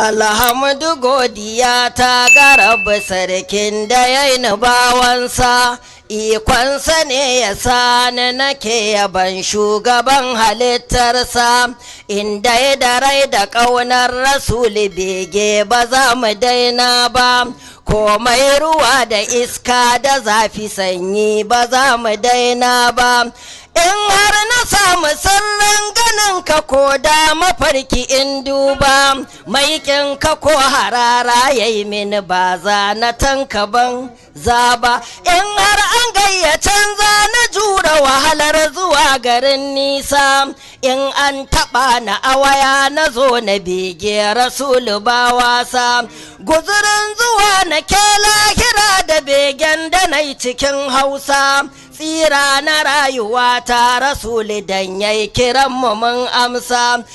Alhamdu godiya ta garaba sarkin da ya yi bawansa, ikonsa ne ya sani nake yaban shugaban halittarsa, inda ya da rai da ƙaunar rasuli bege ba za mu daina ba. komai ruwa da iska da zafi sanyi ba za mu daina ba in har na ka ko da mafarki in duba mai ka ko harara yayi yi mini ba na tanka ban zaba in har an gayyace za na jura wahalar zuwa garin nisa in an taɓa na awaya na zo na bege rasul ba wasa guzurin zuwa na kela yanayi cikin hausa tsira na rayuwa ta rasu lidan yai kiran mu mun amsa